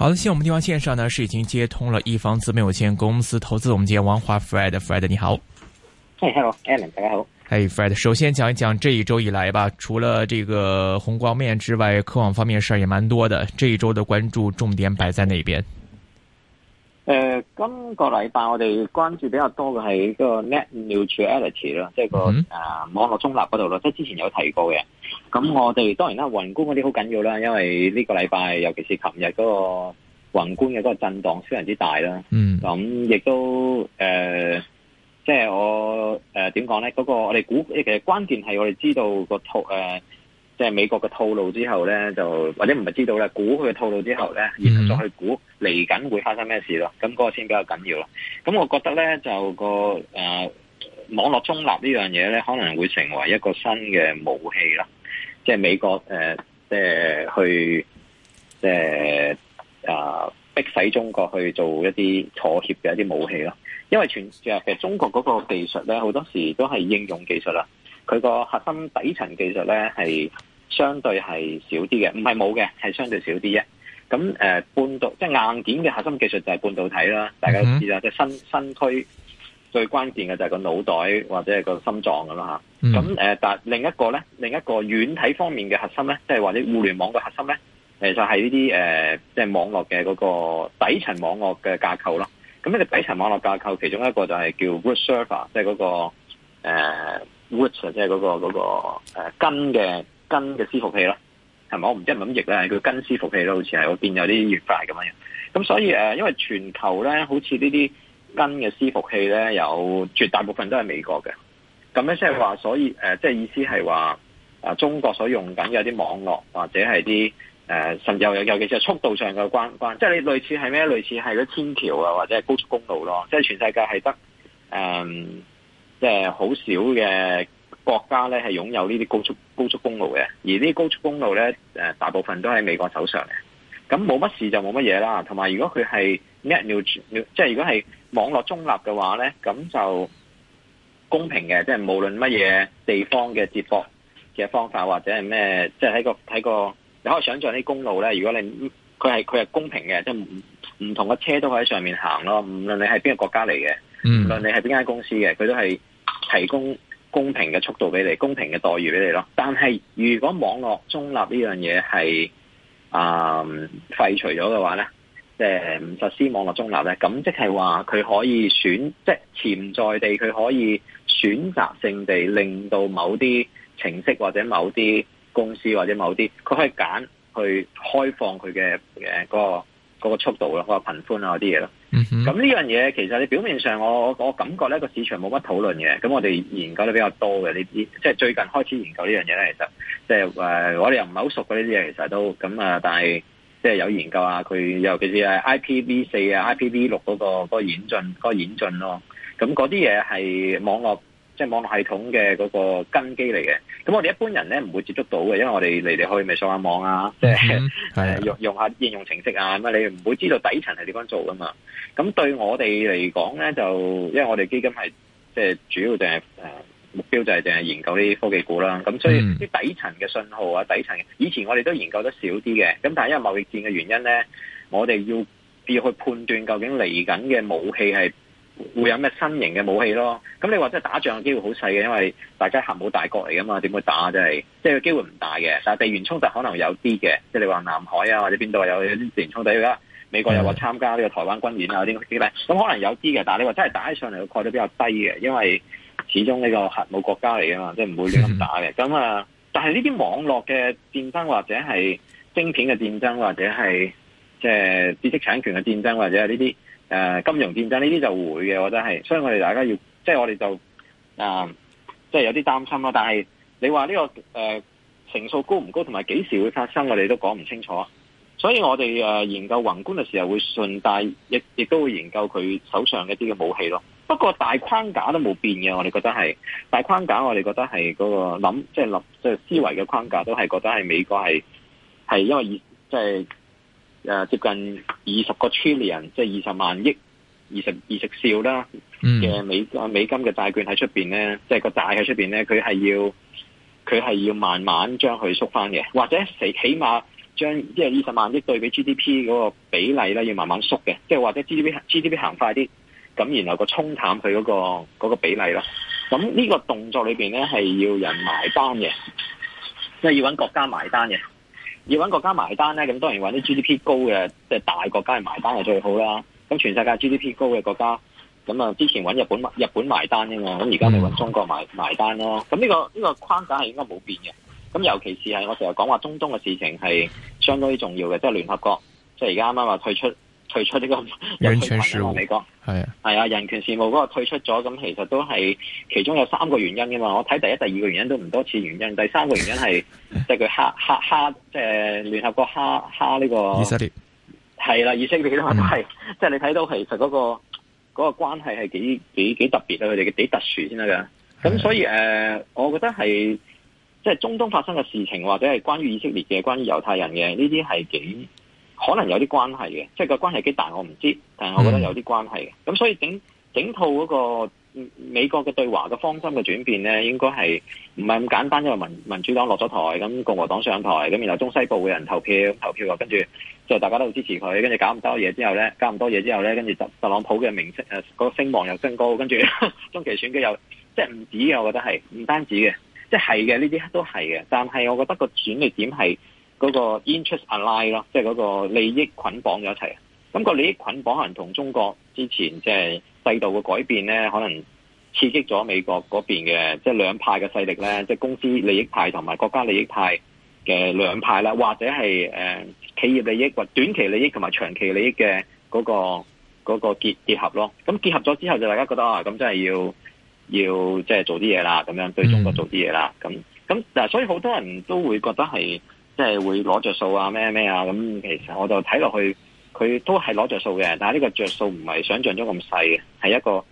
好的，先我們電話線上呢是已經接通了一方資本有限公司投資總監王華，Fred，Fred，Fred, 你好。Hey，hello，Alan，大家好。Hey，Fred，首先講一講這一周以來吧，除了這個宏觀面之外，科網方面事兒也蠻多的。這一周的關注重點擺在哪邊？呃，今個禮拜我哋關注比較多嘅係一個 Net Neutrality 咯，即係個啊網絡中立嗰度咯，即係之前有提過嘅。咁、嗯、我哋當然啦，宏觀嗰啲好緊要啦，因為呢個禮拜尤其是琴日嗰個宏觀嘅嗰個震盪非常之大啦。咁亦、嗯、都誒、即、呃、係、就是、我誒點講咧？嗰、呃那個我哋估，其實關鍵係我哋知道、那個套誒、即、呃、係、就是、美國嘅套路之後咧，就或者唔係知道咧，估佢嘅套路之後咧，嗯、然後再去估嚟緊會發生咩事咯。咁、那、嗰個先比較緊要咯。咁我覺得咧，就、那個誒、呃、網絡中立呢樣嘢咧，可能會成為一個新嘅武器啦。即係美國誒，即、呃、係、呃、去，即、呃、係逼使中國去做一啲妥協嘅一啲武器咯。因為全其實中國嗰個技術咧，好多時候都係應用技術啦。佢個核心底層技術咧係相對係少啲嘅，唔係冇嘅，係相對少啲啫。咁誒、呃，半導即係硬件嘅核心技術就係半導體啦。大家都知道，即係新新區。最關鍵嘅就係個腦袋或者係個心臟咁啦吓，咁誒、嗯呃，但另一個咧，另一個軟體方面嘅核心咧，即係或者互聯網嘅核心咧，其實係呢啲誒、即、呃、係、就是、網絡嘅嗰個底層網絡嘅架構咯。咁、那、呢個底層網絡架構，其中一個就係叫 root server，即係嗰個誒 root 即係嗰個嗰、那個誒、那個啊、根嘅根嘅伺服器咯，係咪？我唔知係咪咁譯咧，佢根伺服器咧，好似係我見有啲越快咁樣。咁所以誒、呃，因為全球咧，好似呢啲。跟嘅伺服器咧，有絕大部分都係美國嘅。咁咧、呃，即係話，所以即係意思係話，中國所用緊嘅啲網絡或者係啲誒，甚至有尤其是速度上嘅關關，即係你類似係咩？類似係嗰天橋啊，或者係高速公路咯。即係全世界係得誒、呃，即係好少嘅國家咧，係擁有呢啲高速高速公路嘅。而呢啲高速公路咧、呃，大部分都喺美國手上嘅。咁冇乜事就冇乜嘢啦。同埋，如果佢係。一即係如果係網絡中立嘅話咧，咁就公平嘅，即係無論乜嘢地方嘅接駁嘅方法，或者係咩，即係喺個喺個，你可以想象啲公路咧。如果你佢係佢係公平嘅，即係唔唔同嘅車都可以喺上面行咯，唔論你係邊個國家嚟嘅，唔論你係邊間公司嘅，佢都係提供公平嘅速度俾你，公平嘅待遇俾你咯。但係如果網絡中立呢樣嘢係啊廢除咗嘅話咧？即係唔實施網絡中立咧，咁即係話佢可以選，即係潛在地佢可以選擇性地令到某啲程式或者某啲公司或者某啲，佢可以揀去開放佢嘅嗰個速度咯，嗰、嗰個頻寬啊啲嘢咯。咁呢、mm hmm. 樣嘢其實你表面上我我感覺咧個市場冇乜討論嘅，咁我哋研究得比較多嘅你知，即係最近開始研究呢樣嘢咧，其實即係、呃、我哋又唔係好熟嘅呢啲嘢，其實都咁啊，但係。即係有研究啊，佢尤其是係 IPv 四啊、IPv 六嗰個個演進嗰個演進咯，咁嗰啲嘢係網絡即係、就是、網絡系統嘅嗰個根基嚟嘅。咁我哋一般人咧唔會接觸到嘅，因為我哋嚟嚟去咪上下網啊，即係、嗯、用用下應用程式啊，咁啊你唔會知道底層係點樣做噶嘛咁對我哋嚟講咧，就因為我哋基金係即係主要淨係誒。目標就係淨係研究啲科技股啦，咁所以啲底層嘅信號啊，底層以前我哋都研究得少啲嘅，咁但係因為貿易戰嘅原因咧，我哋要要去判斷究竟嚟緊嘅武器係會有咩新型嘅武器咯。咁你話即係打仗嘅機會好細嘅，因為大家核武大國嚟噶嘛，點會打真係？即係機會唔大嘅。但係地緣衝突可能有啲嘅，即係你話南海啊，或者邊度有啲地緣衝突。而家美國又話參加呢個台灣軍演啊啲咁嘅嘢，咁可能有啲嘅。但係你話真係打起上嚟嘅概率比較低嘅，因為。始終呢個核武國家嚟噶嘛，即係唔會亂咁打嘅。咁啊，但係呢啲網絡嘅戰爭，或者係晶片嘅戰爭，或者係即係知識產權嘅戰爭，或者係呢啲誒金融戰爭，呢啲就會嘅。我覺得係，所以我哋大家要，即係我哋就啊、呃，即係有啲擔心咯。但係你話呢、呢個誒、呃、成數高唔高，同埋幾時會發生，我哋都講唔清楚。所以我哋誒、呃、研究宏觀嘅時候，會順帶亦亦都會研究佢手上一啲嘅武器咯。不過大框架都冇變嘅，我哋覺得係大框架，我哋覺得係嗰個諗，即係諗，即係思維嘅框架都係覺得係美國係，係因為二即係誒接近二十個 trillion，即係二十萬億二十二十兆啦嘅美美金嘅債券喺出面咧，即係個債喺出面咧，佢係要佢係要慢慢將佢縮翻嘅，或者起起碼將即係二十萬億對比 GDP 嗰個比例咧，要慢慢縮嘅，即係或者 GDP GDP 行快啲。咁然後個沖淡佢嗰個嗰個比例啦，咁呢個動作裏邊咧係要人埋單嘅，即係要搵國家埋單嘅，要搵國家埋單咧，咁當然搵啲 GDP 高嘅，即係大國家埋單係最好啦。咁全世界 GDP 高嘅國家，咁啊，之前搵日本日本埋單嘅嘛，咁而家咪搵中國埋埋單咯。咁呢個呢個框架係應該冇變嘅。咁尤其是係我成日講話中東嘅事情係相當於重要嘅，即係聯合國，即係而家啱啱話退出。退出呢個人權事務，美國係啊係啊，人權事務嗰個退出咗，咁其實都係其中有三個原因嘅嘛。我睇第一、第二個原因都唔多似原因，第三個原因係即係佢蝦哈哈即係、呃、聯合國哈哈呢、這個以色列係啦，以色列都係即係你睇到其實嗰、那個嗰、那個關係係幾幾幾特別啊，佢哋幾特殊先得噶。咁所以誒、呃，我覺得係即係中東發生嘅事情，或者係關於以色列嘅、關於猶太人嘅呢啲係幾。可能有啲關係嘅，即係個關係幾大我唔知，但係我覺得有啲關係嘅。咁所以整整套嗰個美國嘅對華嘅方針嘅轉變呢，應該係唔係咁簡單？因為民民主黨落咗台，咁共和黨上台，咁然後中西部嘅人投票投票又跟住就大家都好支持佢，跟住搞咁多嘢之後呢，搞咁多嘢之後呢跟住特朗普嘅名聲，誒個聲望又升高，跟住中期選舉又即係唔止嘅，我覺得係唔單止嘅，即係係嘅呢啲都係嘅。但係我覺得個轉捩點係。嗰個 interest align 咯，即係嗰個利益捆綁咗一齊。咁個利益捆綁可能同中國之前即係制度嘅改變咧，可能刺激咗美國嗰邊嘅即係兩派嘅勢力咧，即係公司利益派同埋國家利益派嘅兩派啦，或者係、呃、企業利益或短期利益同埋長期利益嘅嗰個嗰個結結合咯。咁結合咗之後，就大家覺得啊，咁真係要要即係做啲嘢啦，咁樣對中國做啲嘢啦。咁咁嗱，所以好多人都會覺得係。即係會攞著數啊，咩咩啊，咁其實我就睇落去，佢都係攞著數嘅，但係呢個著數唔係想象中咁細嘅，係一個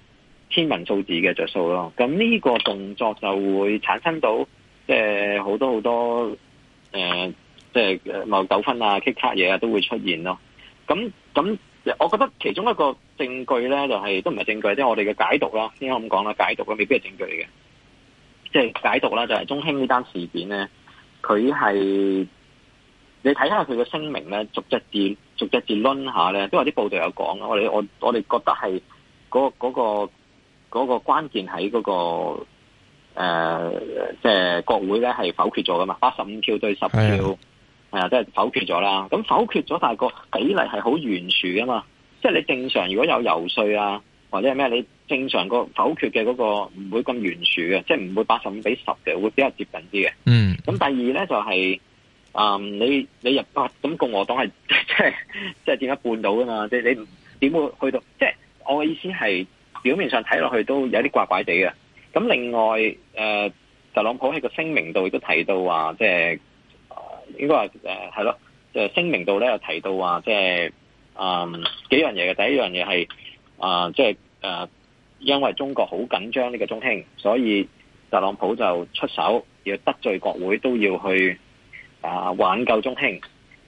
天文數字嘅著數咯，啊。咁呢個動作就會產生到，即係好多好多，誒、呃，即係貿易糾紛啊、棘卡嘢啊都會出現咯。咁咁，我覺得其中一個證據咧，就係、是、都唔係證據，即、就、係、是、我哋嘅解讀啦，應該咁講啦，解讀啦，未必係證據嚟嘅。即、就、係、是、解讀啦，就係、是、中興呢單事件咧。佢係你睇下佢嘅聲明咧，逐隻字逐隻字攆下咧，都有啲報道有講，我哋我我哋覺得係嗰嗰個嗰、那個那個關鍵喺嗰個即係、呃就是、國會咧係否決咗㗎嘛，八十五票對十票，係的啊，都係否決咗啦。咁否決咗，但係個比例係好懸殊㗎嘛，即係你正常如果有游說啊。或者係咩？你正常個否決嘅嗰個唔會咁懸殊嘅，即係唔會八十五比十嘅，會比較接近啲嘅、嗯就是。嗯。咁第二咧就係，啊，你你入八咁共和黨係即係即係點解半到噶嘛？即係你點會去到？即係我嘅意思係，表面上睇落去都有啲怪怪地嘅。咁另外，誒、呃，特朗普喺個聲明度亦都提到話，即係應該話誒係咯，就是、聲明度咧又提到話，即係啊、嗯、幾樣嘢嘅。第一樣嘢係。啊，即係誒，因為中國好緊張呢個中興，所以特朗普就出手要得罪國會，都要去啊、呃、挽救中興。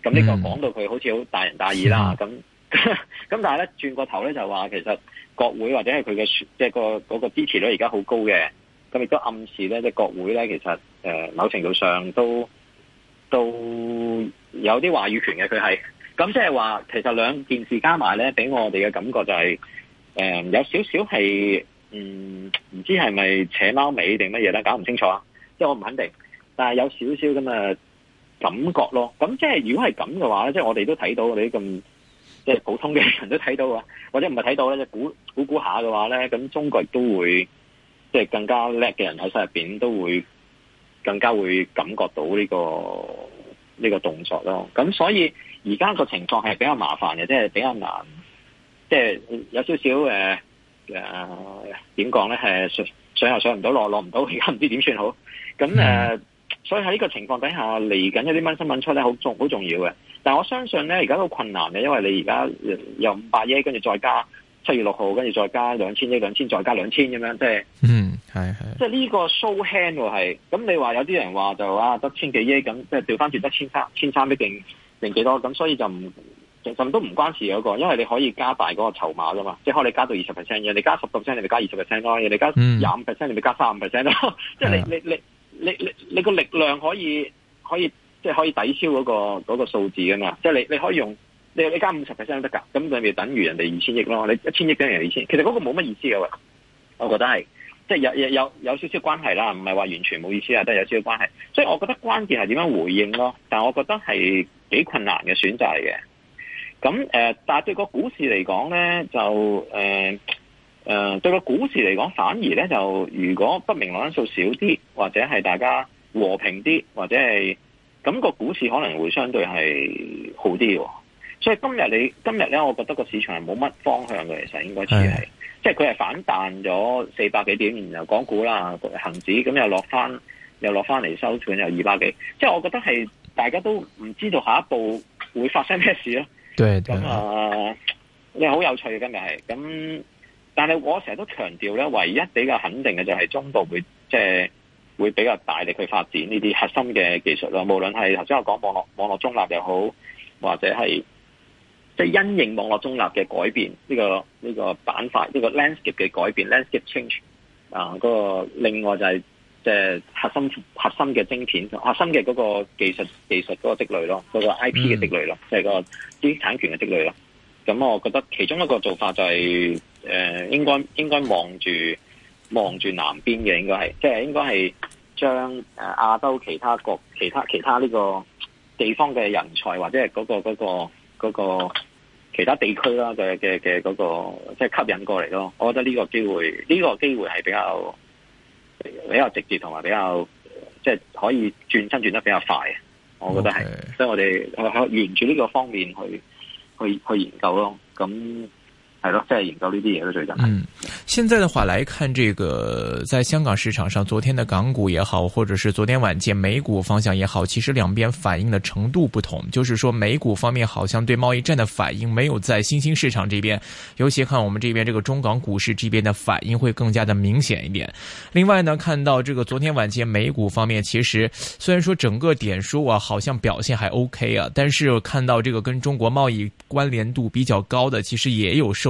咁呢個講到佢好似好大仁大義啦。咁咁，但係咧轉過頭咧就話，其實國會或者係佢嘅即係個嗰、那個支持率而家好高嘅，咁亦都暗示咧，即、就、係、是、國會咧其實誒、呃、某程度上都都有啲話語權嘅。佢係咁即係話，其實兩件事加埋咧，俾我哋嘅感覺就係、是。誒，um, 有少少係，嗯，唔知係咪扯貓尾定乜嘢咧，搞唔清楚啊，即係我唔肯定，但係有少少咁嘅感覺咯。咁即係如果係咁嘅話咧，即係我哋都睇到，我哋啲咁即係普通嘅人都睇到啊，或者唔係睇到咧，就估估估下嘅話咧，咁中國都會即係更加叻嘅人喺心入邊都會更加會感覺到呢個呢個動作咯。咁所以而家個情況係比較麻煩嘅，即係比較難。即係有少少誒誒，點講咧？係、呃、上上又上唔到，落落唔到，而家唔知點算好。咁誒、mm. 呃，所以喺呢個情況底下，嚟緊一啲蚊新聞出咧，好重好重要嘅。但係我相信咧，而家都困難嘅，因為你而家有五百億，跟住再加七月六號，跟住再加兩千億、兩千，再加兩千咁樣，即係嗯係係。即係呢個 show hand 喎係。咁你話有啲人話就啊得千幾億咁，即係調翻轉得千三千三億定定幾多？咁所以就唔。甚至都唔關事嗰、嗰個，因為你可以加大嗰個籌碼啫嘛，即係可能你加到二十 percent 嘅，你加十 percent 你咪加二十 percent 咯，你加廿五 percent 你咪加三五 percent 咯，即係你你、嗯、 你你你你個力量可以可以即係、即係、可以抵消嗰、嗰個嗰、嗰個、數字㗎嘛，即係你你可以用你你加五十 percent 得㗎，咁就咪等於人哋二千億咯，你一千億等人哋二千，其實嗰個冇乜意思嘅喎，我覺得係即係有有有，有少少關係啦，唔係話完全冇意思啊，都係有少少關係，所以我覺得關鍵係點樣回應咯，但係我覺得係幾困難嘅選擇嚟嘅。咁誒、呃，但對個股市嚟講咧，就誒誒、呃呃，對個股市嚟講，反而咧就，如果不明朗因素少啲，或者係大家和平啲，或者係咁、那個股市可能會相對係好啲喎、哦。所以今日你今日咧，我覺得個市場係冇乜方向嘅，其實應該似係，的即係佢係反彈咗四百幾點，然後港股啦、行指咁又落翻，又落翻嚟收盤，又二百幾。即係我覺得係大家都唔知道下一步會發生咩事囉。對，咁啊，你好、嗯、有趣嘅，今日係。咁但係我成日都強調咧，唯一比較肯定嘅就係中部會即係、就是、會比較大力去發展呢啲核心嘅技術咯。無論係頭先我講網絡網絡中立又好，或者係即係因應網絡中立嘅改變呢、呢個呢、呢個板塊呢個 landscape 嘅改變 landscape change 啊、嗯，嗰個另外就係、是。即係核心核心嘅晶片，核心嘅嗰個技術技術嗰個積累咯，嗰個 I P 嘅積累咯，即係個知識產權嘅積累咯。咁我覺得其中一個做法就係誒，應該應該望住望住南邊嘅，應該係即係應該係將誒亞洲其他國其他其他呢個地方嘅人才，或者係嗰個嗰個嗰個其他地區啦嘅嘅嘅嗰個，即係吸引過嚟咯。我覺得呢個機會呢個機會係比較。比較直接，同埋比較即係、就是、可以轉身轉得比較快，我覺得係，Okay. 所以我哋喺沿住呢個方面去去去研究咯，咁。係咯，即係研究呢啲嘢咯，最嗯，現在的話來看，這個在香港市場上，昨天的港股也好，或者是昨天晚間美股方向也好，其實兩邊反應的程度不同。就是說，美股方面好像對貿易戰的反應沒有在新興市場這邊，尤其看我們這邊這個中港股市這邊的反應會更加的明顯一點。另外呢，看到這個昨天晚間美股方面，其實雖然說整個點數啊，好像表現還 OK 啊，但是看到這個跟中國貿易關聯度比較高的，其實也有受。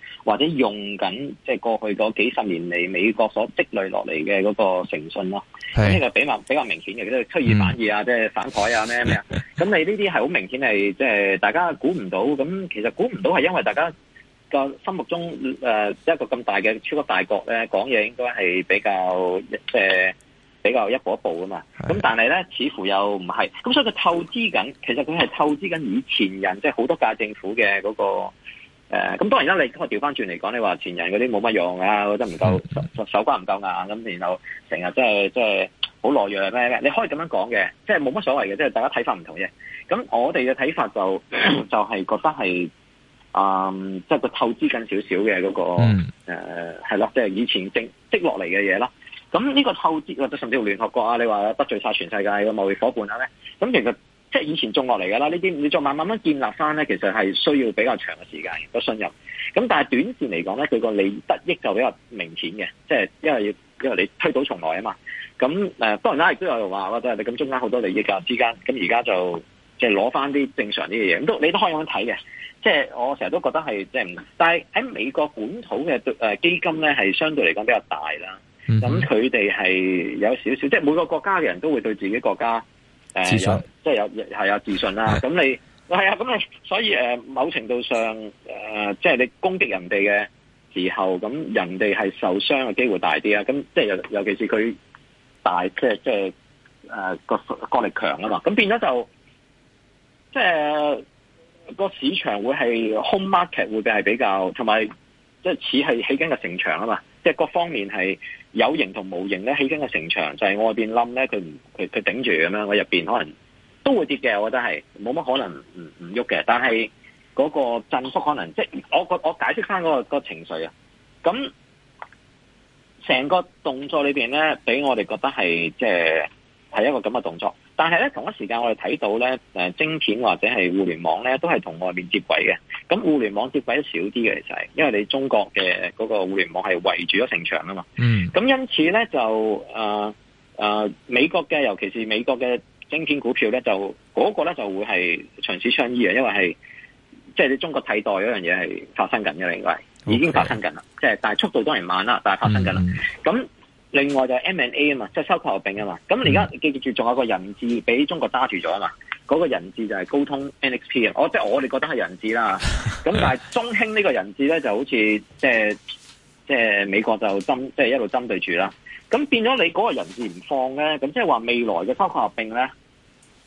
或者用緊即係過去嗰幾十年嚟美國所積累落嚟嘅嗰個誠信咯，咁呢個比較比較明顯嘅，即係出爾反爾、嗯、反啊，即係反台啊，咩咩啊，咁你呢啲係好明顯係即係大家估唔到，咁其實估唔到係因為大家個心目中誒、呃、一個咁大嘅超級大國咧講嘢應該係比較一、呃、比較一步一步噶嘛，咁是但係咧似乎又唔係，咁所以佢透支緊，其實佢係透支緊以前人，即係好多屆政府嘅嗰、嗰個。誒，咁、嗯、當然啦，你我調翻轉嚟講，你話前人嗰啲冇乜用啊，或者唔夠手關關唔夠硬，咁然後成日即係即係好懦弱咩、啊？你可以咁樣講嘅，即係冇乜所謂嘅，即係大家睇法唔同嘅。咁我哋嘅睇法就、嗯、就係覺得係，嗯，即、就、係、是那個透支緊少少嘅嗰個誒，係咯、嗯，即係、呃就是、以前正積落嚟嘅嘢咯。咁呢個透支或者甚至乎聯合國啊，你話得罪晒全世界嘅貿易伙伴咧、啊，咁其實。即係以前中落嚟㗎啦，呢啲你再慢慢慢建立翻咧，其實係需要比較長嘅時間，都信任。咁但係短線嚟講咧，佢個利得益就比較明顯嘅。即係因為要因為你推倒重來啊嘛。咁誒，當然啦，亦都有話覺得你咁中間好多利益嘅之間。咁而家就即係攞翻啲正常啲嘅嘢。咁都你都可以咁睇嘅。即係我成日都覺得係即係唔。但係喺美國本土嘅誒基金咧，係相對嚟講比較大啦。咁佢哋係有少少，即係每個國家嘅人都會對自己國家。誒、呃，有即係有係有、啊、自信啦。咁你係啊，咁啊，啊，所以誒、呃，某程度上誒、呃，即係你攻擊人哋嘅時候，咁、呃、人哋係受傷嘅機會大啲啊。咁、嗯、即係尤尤其是佢大，即係即係誒個國力強啊嘛。咁變咗就即係個、啊、市場會係 home market 會比係比較，同埋即係似係起緊個城牆啊嘛。即係各方面係有形同無形咧，起緊嘅城牆就係、是、外邊冧咧，佢唔佢佢頂住咁樣，我入邊可能都會跌嘅，我覺得係冇乜可能唔唔喐嘅。但係個振幅可能即係我個我解釋翻、嗰個、嗰個情緒啊，咁成個動作裏邊咧，俾我哋覺得係即係係一個咁嘅動作。但係咧，同一時間我哋睇到咧，誒晶片或者係互聯網咧，都係同外面接軌嘅。咁互聯網接軌都少啲嘅其實，因為你中國嘅嗰個互聯網係圍住咗城牆啊嘛。嗯。咁因此咧，就誒誒、呃呃、美國嘅，尤其是美國嘅晶片股票咧，就嗰、那個咧就會係長此相依啊。因為係即係你中國替代嗰樣嘢係發生緊嘅，應該 Okay. 已經發生緊啦。即係但係速度當然慢啦，但係發生緊啦。咁、嗯另外就係 M and A 啊嘛，即、就、係、是、收購合併啊嘛。咁而家記住仲有個人質俾中國揸住咗啊嘛。嗰、那個人質就係高通、NXP 啊、哦。即我即係我哋覺得係人質啦。咁 但係中興呢個人質咧，就好似即係即係美國就針即係一路針對住啦。咁變咗你嗰個人質唔放咧，咁即係話未來嘅收購合併咧，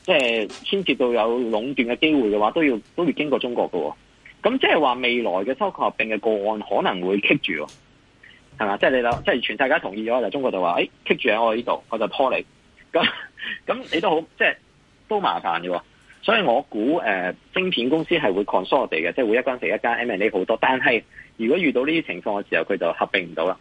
即係牽涉到有壟斷嘅機會嘅話，都要都要經過中國㗎喎、哦。咁即係話未來嘅收購合併嘅個案可能會 keep 住喎。係嘛，即係你諗，即係全世界同意咗，就中國就話，誒、哎，棘住喺我呢度，我就拖你。咁咁你都好，即係都麻煩嘅。所以我估誒、呃、晶片公司係會 o 縮我哋嘅，即係會一間食一間 M a n A 好多。但係如果遇到呢啲情況嘅時候，佢就合併唔到啦。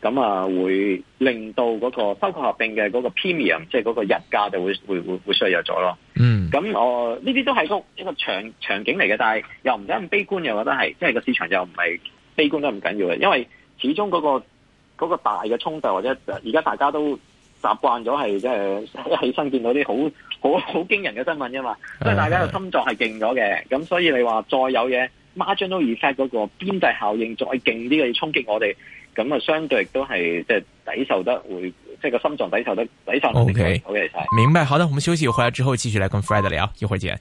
咁啊，會令到嗰個收購合併嘅嗰個 premium，即係嗰個入價就會會會削弱咗咯。嗯、mm.。咁我呢啲都係一個一個場景嚟嘅，但係又唔使咁悲觀又我覺得係，即係個市場又唔係悲觀得咁緊要嘅，因為。始終嗰個嗰、那個大嘅衝突或者而家大家都習慣咗係即係一起身見到啲好好好驚人嘅新聞啫嘛，即係大家嘅心臟係勁咗嘅，咁、嗯、所以你話再有嘢 Marginal effect 嗰個邊際效應再勁啲要嘅衝擊我哋，咁啊相對亦都係即係抵受得會，即係個心臟抵受得抵受。O K O K，明白，好啦，我們休息回來之後繼續來跟 Fred 聊，一會見。